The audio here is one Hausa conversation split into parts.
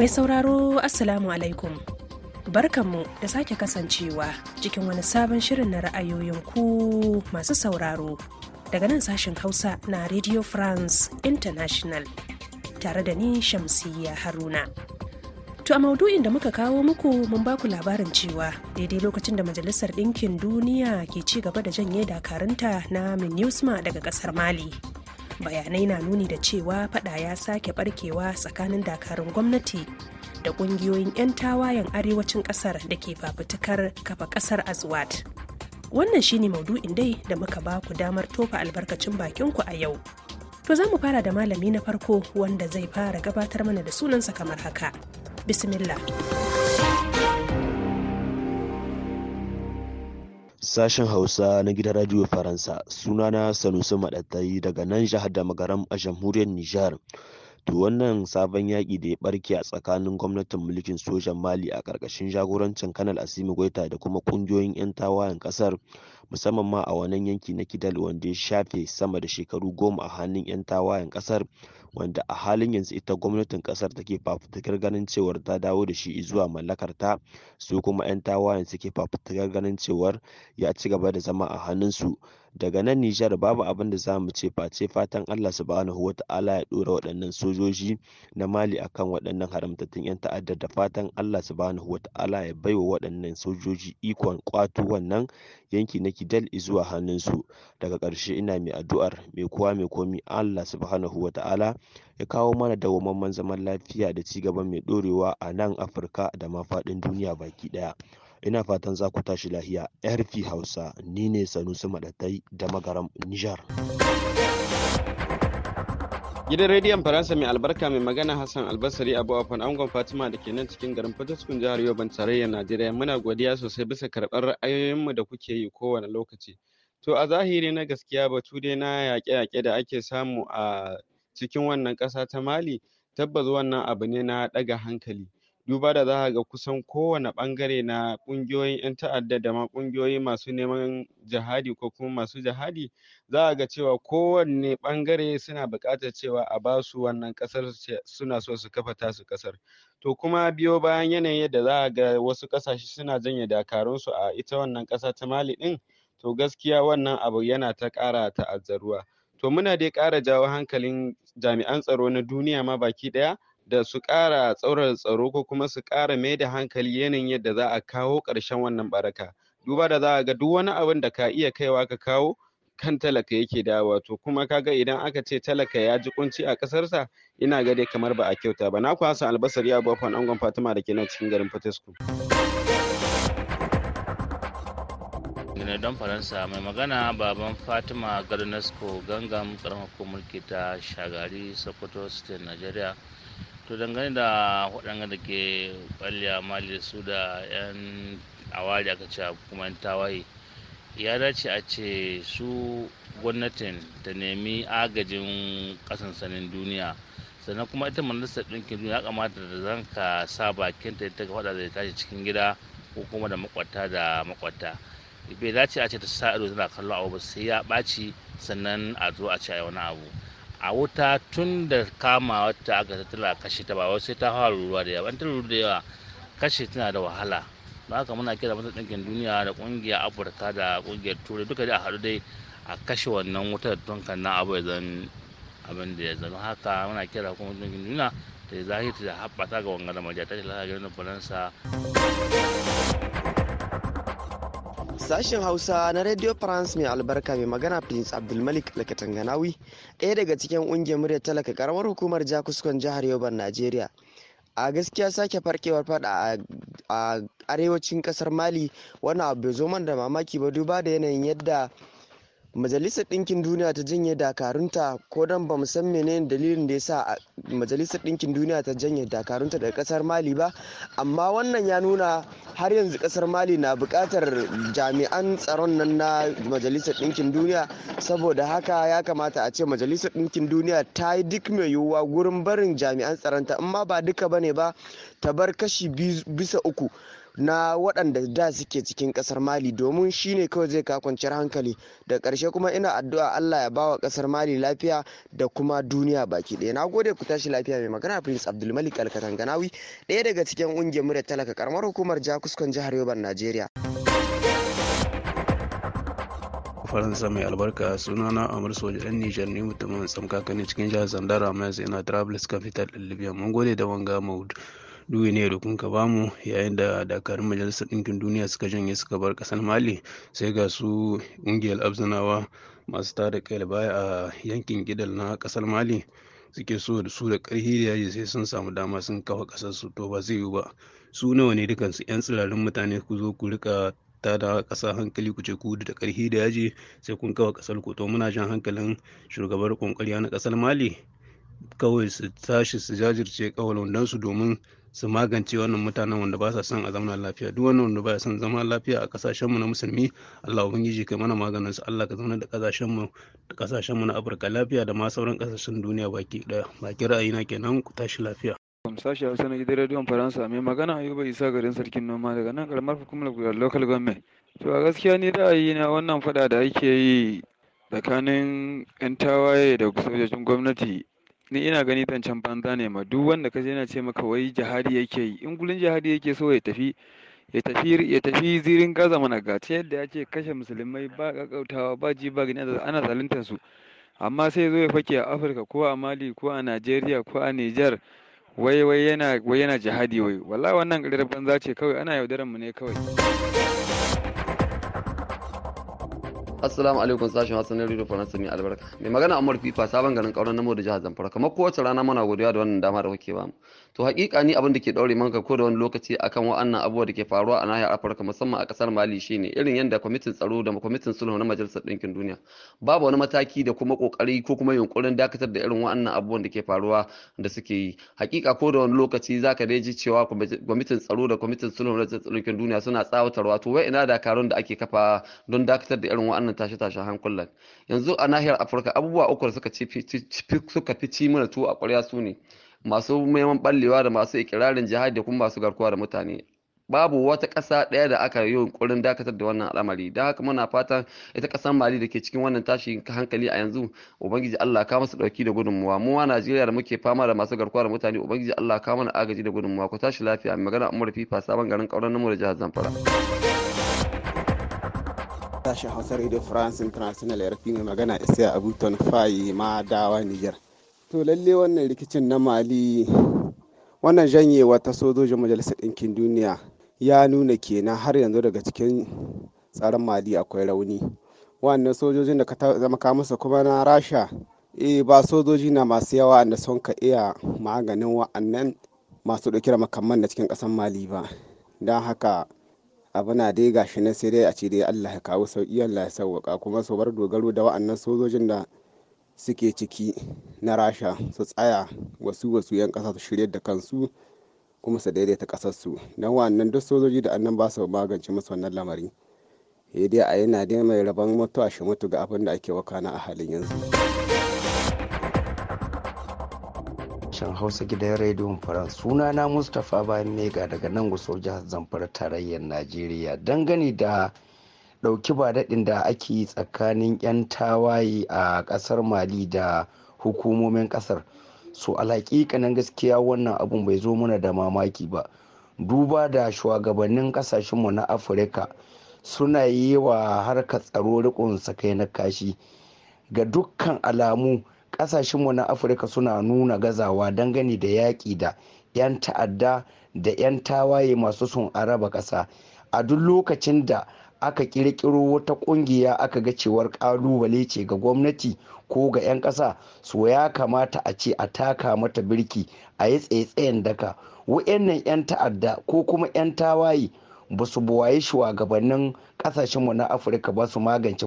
Mai sauraro Assalamu alaikum. Barkanmu da sake kasancewa cikin wani sabon shirin na ra'ayoyin ku masu sauraro daga nan sashen Hausa na Radio France International tare da ni Shamsiyya Haruna. To a maudu'in da muka kawo muku mun baku labarin cewa daidai lokacin da Majalisar Ɗinkin Duniya ke ci gaba da janye dakarunta na MINUSMA daga ƙasar Mali. bayanai na nuni da cewa fada ya sake barkewa tsakanin dakarun gwamnati da kungiyoyin 'yan tawayen arewacin kasar da ke fafutukar kafa kasar azwat wannan shine maudu'in dai da muka ba ku damar tofa albarkacin bakinku a yau to za mu fara da malami na farko wanda zai fara gabatar mana da sunansa kamar haka bismillah Sashen Hausa na gidan Radio Faransa. Sunana Sanusi Maɗatai daga nan jihar Damagaram a jamhuriyar Nijar. To wannan sabon yaƙi da ya ɓarke a tsakanin gwamnatin mulkin sojan Mali a ƙarƙashin jagorancin Kanal asimi goita da kuma ƙungiyoyin 'yan tawayen ƙasar, musamman ma a wannan yanki na Kidal wanda ya shafe sama da shekaru goma a hannun 'yan tawayen ƙasar, wanda a halin yanzu ita gwamnatin ƙasar take fafutukar ganin cewar ta dawo da shi zuwa mallakarta, su kuma 'yan tawayen suke fafutukar ganin cewar ya ci gaba da zama a hannunsu. daga nan Nijar babu abin da za mu ce face fatan Allah subhanahu wata'ala ya dora waɗannan sojoji na Mali akan waɗannan haramtattun 'yan ta'addar da fatan Allah subhanahu wata'ala ya baiwa waɗannan sojoji ikon kwato wannan yanki na Kidal zuwa hannunsu daga ƙarshe ina mai addu'ar mai kowa mai komi Allah subhanahu wata'ala ya kawo mana dawwammamen zaman lafiya da ci gaba mai dorewa a nan Afirka da ma faɗin duniya baki ɗaya. ina fatan za ku tashi lahiya rp hausa ni ne sanusi maɗatai da magaram nijar gidan rediyon faransa mai albarka mai magana hassan albasari abu afan angon fatima da ke nan cikin garin fataskun jihar yoban tarayyar najeriya muna godiya sosai bisa karɓar ra'ayoyinmu da kuke yi kowane lokaci to a zahiri na gaskiya batu dai na yaƙe-yaƙe da ake samu a cikin wannan ƙasa ta mali tabbas wannan abu ne na ɗaga hankali duba da za ka ga kusan kowane ɓangare na ƙungiyoyin 'yan ta'adda da ma ƙungiyoyi masu neman jihadi ko kuma masu jihadi Za ka ga cewa kowanne ɓangare suna buƙatar cewa a basu wannan ƙasar suna so su kafa tasu ƙasar to kuma biyo bayan yanayin yadda ka ga wasu ƙasashe suna janye dakarunsu a ita wannan ƙasa ta Mali ɗin to gaskiya wannan abu yana ta ƙara ta'azzaruwa to muna dai ƙara jawo hankalin jami'an tsaro na duniya ma baki ɗaya da su ƙara tsaurara tsaro ko kuma su ƙara mai da hankali yanayin yadda za a kawo ƙarshen wannan baraka duba da za a ga duk wani abin da ka iya kaiwa ka kawo kan talaka yake da wato kuma kaga idan aka ce talaka ya ji kunci a ƙasarsa ina ga dai kamar ba a kyauta ba na ku Hassan Albasari ya bafan angon Fatima da ke nan cikin garin Fatesku. ne don faransa mai magana baban fatima garnasco gangam karamar mulki ta shagari sokoto state nigeria to dangane da waɗanda da ke a mali da su da 'yan awari aka ce kuma 'yan tawaye ya dace a ce su gwamnatin ta nemi agajin ƙasan sanin duniya sannan kuma ita majalisar ɗinkin duniya ya kamata da zan ka sa bakinta ta ta faɗa da tashi cikin gida ko kuma da makwata da makwata bai dace a ce ta sa ido tana kallon abu ba sai ya ɓaci sannan a zo a ce a wani abu a wuta tun da kama wata aka tattala kashe ta ba wasu sai ta fara ruwa da yawa ta ta da yawa kashe tana da wahala don haka muna kira masa ɗinkin duniya da ƙungiyar afirka da ƙungiyar turai duka dai a haɗu dai a kashe wannan wuta da kan na abu ya zan abin da ya zama haka muna kira kuma ɗinkin duniya da zahiri da haɓata ga wangar majiya ta lalata garin faransa. Sashen Hausa na Radio France mai albarka mai magana Prince Abdulmalik Lakatanganawi, ɗaya daga cikin ƙungiyar murya talaka karamar hukumar Jakuskon jihar Yoban nigeria A gaskiya sake farkewar fada a arewacin kasar Mali wani abu bai zo da mamaki ba duba da yanayin yadda majalisar dinkin duniya ta janye dakarunta ko don ba san menene dalilin da ya sa majalisar ɗinkin duniya ta janye dakarunta daga kasar mali ba amma wannan ya nuna har yanzu kasar mali na bukatar jami'an tsaron nan na majalisar ɗinkin duniya saboda haka ya kamata a ce majalisar dinkin duniya ta yi duk mai yiwuwa gurin barin jami'an tsaronta amma ba duka ba bane ba ta bar kashi bisa uku na waɗanda da suke cikin ƙasar mali domin shine kawai zai ka kwanciyar hankali da ƙarshe kuma ina addu'a allah ya bawa ƙasar mali lafiya da kuma duniya baki ɗaya na gode ku tashi lafiya mai magana prince abdulmalik alkatanganawi ɗaya daga cikin ƙungiyar murya talaka karamar hukumar jakuskon jihar yoban najeriya faransa mai albarka sunana amur soja ɗan nijar ne mutumin tsamkaka ne cikin jihar zandara mai yana travelers capital ɗin libya mun gode da wanga maudu duwe ne da kun ka bamu yayin da dakarun majalisar ɗinkin duniya suka janye suka bar ƙasar mali sai ga su ƙungiyar abzanawa masu tada kai baya a yankin gidal na ƙasar mali suke so da su da ƙarfi da yaji sai sun samu dama sun kafa ƙasar su to ba zai yiwu ba su nawa ne dukansu 'yan tsirarin mutane ku zo ku rika ta da kasa hankali ku ce ku da ƙarfi da yaji sai kun kawo ƙasar ku to muna jan hankalin shugabar ƙwanƙwariya na ƙasar mali kawai su tashi su jajirce su domin su magance wannan mutanen wanda ba sa son a zauna lafiya duk wannan wanda ba son zama lafiya a kasashen mu na musulmi Allah ubangiji kai mana maganin su Allah ka zauna da kasashen mu da kasashen mu na Afirka lafiya da ma sauran kasashen duniya baki daya baki ra'ayina kenan ku tashi lafiya sashi hausa na gidan radio faransa mai magana ayuba isa garin sarkin noma daga nan karamar hukumar local government to a gaskiya ni ra'ayi na wannan fada da ake yi tsakanin 'yan tawaye da sojojin gwamnati ni ina gani zancen banza ne ma duk wanda ka je yana ce maka wai jihadi yake yi in gulin jihadi yake so ya tafi ya tafi ya tafi zirin gaza mana ga ta yadda ya ce kashe musulmai ba kakkautawa ba ji ba gani ana zaluntar su amma sai zo ya fake a afirka ko a mali ko a najeriya ko a niger wai wai yana jihadi wai wallahi wannan ƙarar banza ce kawai ana yaudaran mu ne kawai Assalamu alaikum sashen Hassan na Radio Faransa mai albarka. Mai magana Umar Fifa sabon garin kauran namo da jihar Zamfara kamar kowace rana muna godiya da wannan dama da kuke ba mu. To hakika ni abin da ke daure manka ko da wani lokaci akan wa'annan abubuwa da ke faruwa a nahiyar Afirka musamman a kasar Mali shine irin yadda kwamitin tsaro da kwamitin sulhu na Majalisar Ɗinkin Duniya babu wani mataki da kuma kokari ko kuma yunkurin dakatar da irin wa'annan abubuwan da ke faruwa da suke yi. Hakika ko da wani lokaci zaka dai ji cewa kwamitin tsaro da kwamitin sulhu na Majalisar Ɗinkin Duniya suna tsawatarwa to wai ina dakarun da ake kafa don dakatar da irin wa'annan wannan tashi tashi hankulan yanzu a nahiyar afirka abubuwa uku da suka fi ci mana tuwo a ƙwarya su ne masu neman ballewa da masu ikirarin jihadi da kuma masu garkuwa da mutane babu wata ƙasa ɗaya da aka yi yunƙurin dakatar da wannan al'amari don haka muna fatan ita ƙasar mali da ke cikin wannan tashi hankali a yanzu ubangiji allah ka masu ɗauki da gudunmuwa mu a najeriya da muke fama da masu garkuwa da mutane ubangiji allah ka mana agaji da gudunmuwa ku tashi lafiya magana umar fa sabon garin ƙauran namu da jihar zamfara. Tashin Hausa Radio France International ya rafi mai magana isa Abuton Fayi ma dawa Niger. To lalle wannan rikicin na Mali wannan janyewa ta sojojin Majalisar Ɗinkin Duniya ya nuna kenan har yanzu daga cikin tsaron Mali akwai rauni. Wannan sojojin da ka zama kamusa kuma na Rasha eh ba sojoji na masu yawa da sun ka iya maganin wa'annan masu ɗauke da makamman da cikin ƙasar Mali ba. Don haka abu na dai gashi na sai dai a ce dai Allah ya kawo sauki Allah ya sauwaka kuma su bar dogaro da wa'annan sojojin da suke ciki na rasha su tsaya wasu wasu yan kasa su shirya da kansu kuma su daidaita kasar su don wa'annan duk sojoji da annan ba su magance musu wannan lamari sai dai a yana dai mai rabon mutuwa shi mutu ga abin da ake wakana a halin yanzu. sashen hausa gidan rediyon france suna na mustapha bayan mega daga nan gusau jihar zamfara tarayyar najeriya dangane da ɗauki ba daɗin da ake tsakanin 'yan tawaye a ƙasar mali da hukumomin ƙasar so alaƙiƙanin gaskiya wannan abun bai zo mana da mamaki ba duba da shugabannin ƙasashenmu na afirka suna yi wa harkar tsaro riƙon sakai na kashi ga dukkan alamu kasashenmu na afirka suna nuna gazawa dangane da yaƙi da 'yan ta'adda da 'yan tawaye masu sun araba ƙasa a duk lokacin da aka kirkiro wata kungiya aka ga cewar kalubale ce ga gwamnati ko ga 'yan ƙasa so ya kamata a ce a taka mata birki a yi tsaye-tsayen daka wa'annan 'yan ta'adda ko kuma 'yan tawaye ba su buwaye shugabannin kasashenmu na afirka ba su magance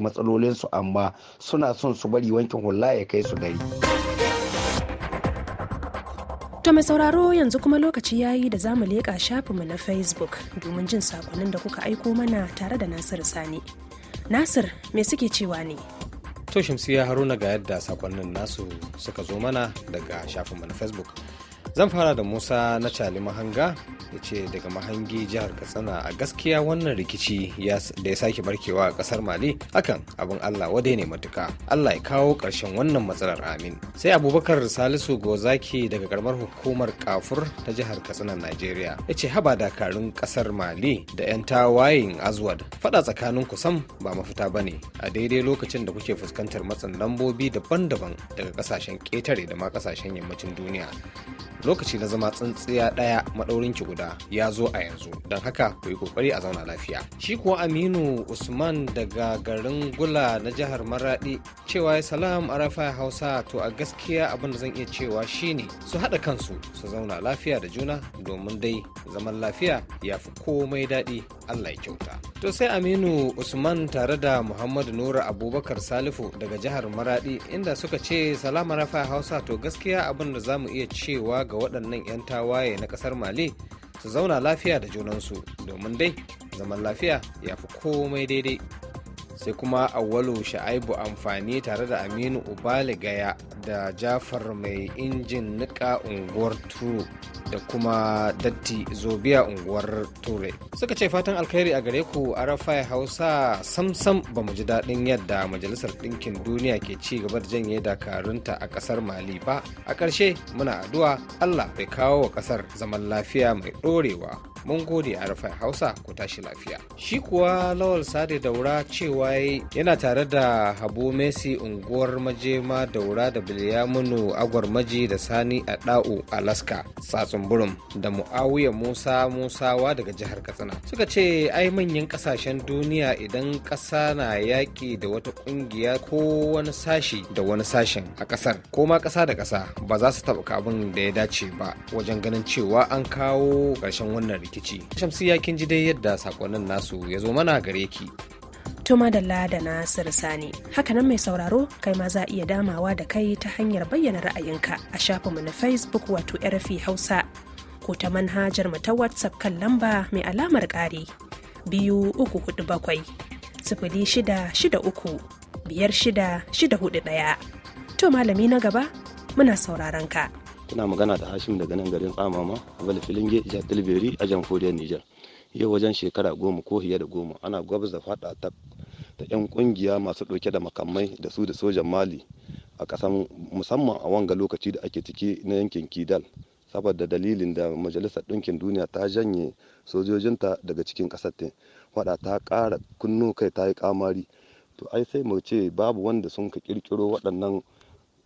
su amma suna son su bari wankin hula ya kai su gari to mai sauraro yanzu kuma lokaci ya yi da zamu leƙa shafinmu na facebook domin jin sakonin da kuka aiko mana tare da nasir sani nasir me suke cewa ne to shamsiya haruna ga yadda sakonnin nasu suka zo mana daga shafinmu na facebook zan fara da musa na cali mahanga ya ce daga mahangi jihar katsina a gaskiya wannan rikici da ya sake barkewa a kasar mali hakan abin allah wadai ne matuka allah ya kawo ƙarshen wannan matsalar amin sai abubakar salisu gozaki daga karamar hukumar kafur ta jihar katsina najeriya ya ce haba dakarun kasar mali da 'yan tawayin azwad fada tsakanin kusan ba mafita ba ne a daidai lokacin da kuke fuskantar matsin lambobi daban-daban daga kasashen ƙetare da ma kasashen yammacin duniya lokaci na zama tsintsiya ɗaya maɗaurinki guda ya zo a yanzu don haka ku yi kokari a zauna lafiya shi kuwa aminu usman daga garin gula na jihar maradi cewa ya salam arafa hausa to a gaskiya abin da zan iya cewa shine su haɗa kansu su zauna lafiya da juna domin dai zaman lafiya ya fi komai daɗi Allah ya kyauta. To sai Aminu Usman tare da Muhammadu Nura Abubakar Salifu daga jihar Maradi inda suka ce salama rafa Hausa to gaskiya abin da zamu iya cewa ga waɗannan 'yan tawaye na ƙasar Mali su zauna lafiya da junansu domin dai zaman lafiya ya fi komai daidai. sai kuma awwalu sha'aibu amfani tare da aminu ubali gaya da jafar mai injin nika unguwar turu da kuma datti zobiya unguwar turai. suka ce fatan alkhairi a gare ku a rafai hausa samsam ba mu ji daɗin yadda majalisar ɗinkin duniya ke ci gaba da janye dakarunta a ƙasar mali ba a ƙarshe muna addu'a allah bai kawo wa ƙasar zaman lafiya mai ɗorewa mun gode a rufai hausa ku tashi lafiya shi kuwa lawal sade daura cewa yana tare da habu messi unguwar majema daura da bilyamunu agwar maji da sani a da'u alaska tsatsunburum da muawiya musa musawa daga jihar katsina suka ce ai manyan kasashen duniya idan kasa na yaƙi da wata ƙungiya ko wani sashi da wani sashen a ƙasar ko ma ƙasa da ƙasa ba za su taɓa abin da ya dace ba wajen ganin cewa an kawo ƙarshen wannan rikici rikici ya kin ji dai yadda sakonnin nasu ya zo mana gare ki Toma da nasir sani hakanan mai sauraro kai ma za iya damawa da kai ta hanyar bayyana ra'ayinka a shafinmu na facebook wato rfi hausa ko ta manhajar mu ta whatsapp kan lamba mai alamar ƙari biyu uku hudu bakwai sifili shida shida uku biyar shida shida hudu ɗaya to malami na gaba muna sauraron ka. kuna magana da hashim daga nan garin tsamama wal filinge tilberi a jamhuriyar nijar yau wajen shekara goma ko fiye da goma ana gwabza fada ta yan kungiya masu dauke da makamai da su da sojan mali a kasan musamman a wanga lokaci da ake ciki na yankin kidal saboda dalilin da majalisar ɗinkin duniya ta janye sojojinta daga cikin ƙasar ta faɗa ta kara kunno kai ta yi kamari to ai sai mu ce babu wanda sun ka kirkiro waɗannan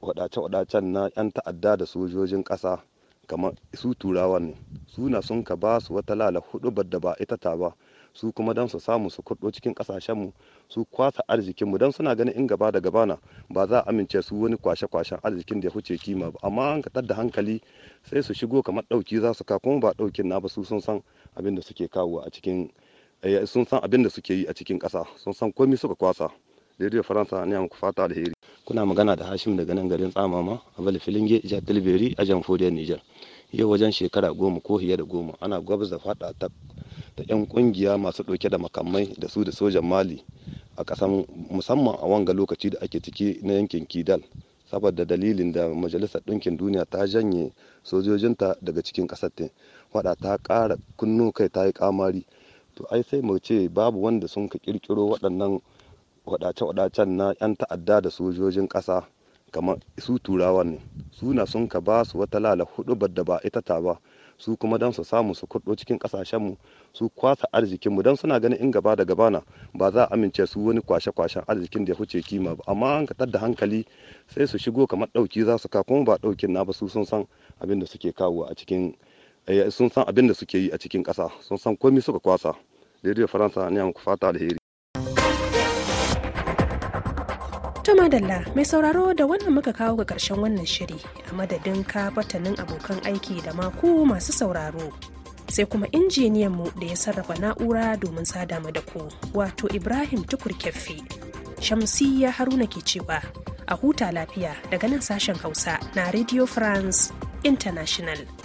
wadace-wadacen na 'yan ta'adda da sojojin ƙasa kamar su turawa ne suna sun ka ba su wata lala hudu da ba ita ta ba su kuma don su samu su kurɗo cikin ƙasashenmu su kwasa arzikinmu don suna ganin in gaba da gabana ba za a amince su wani kwashe-kwashen arzikin da ya huce kima ba amma an katar da hankali sai su shigo kamar ɗauki za su kuma ba ɗaukin na ba su sun san abin da suke kawo a cikin eh, sun san abin da suke yi a cikin ƙasa sun san komi suka kwasa daidai faransa ne muku fata alheri kuna magana da hashim daga nan garin tsamama a bali filinge jihar tilberi a jamfodiyar niger. yau wajen shekara goma ko fiye da goma ana gwabza fada ta yan kungiya masu dauke da makamai da su da sojan mali a kasan musamman a wanga lokaci da ake ciki na yankin kidal saboda dalilin da majalisar ɗinkin duniya ta janye sojojinta daga cikin ƙasar ta faɗa ta kara kunno kai ta yi kamari to ai sai mu ce babu wanda sun ka ƙirƙiro waɗannan wadace-wadacen na 'yan ta'adda da sojojin ƙasa kamar su turawan ne suna sun ka ba su wata lala hudu da ba ita ta ba su kuma don su samu su kurɗo cikin ƙasashenmu su kwasa arzikinmu don suna ganin in gaba da gaba na ba za a amince su wani kwashe-kwashen arzikin da ya huce kima ba amma an katar da hankali sai su shigo kamar ɗauki za su ka kuma ba ɗaukin na ba su sun san abin da suke kawo a cikin eh, sun san abin da suke yi a cikin ƙasa sun san komi suka kwasa rediyo faransa ne muku fata alheri madalla mai sauraro da wannan muka kawo ga karshen wannan shiri a madadin ka fatanin abokan aiki da mako masu sauraro. Sai kuma injiniyan mu da ya sarrafa na'ura domin sada mu da ku wato Ibrahim Tukur Keffi. Shamsiyya Haruna ke cewa a huta lafiya daga nan sashen Hausa na Radio France International.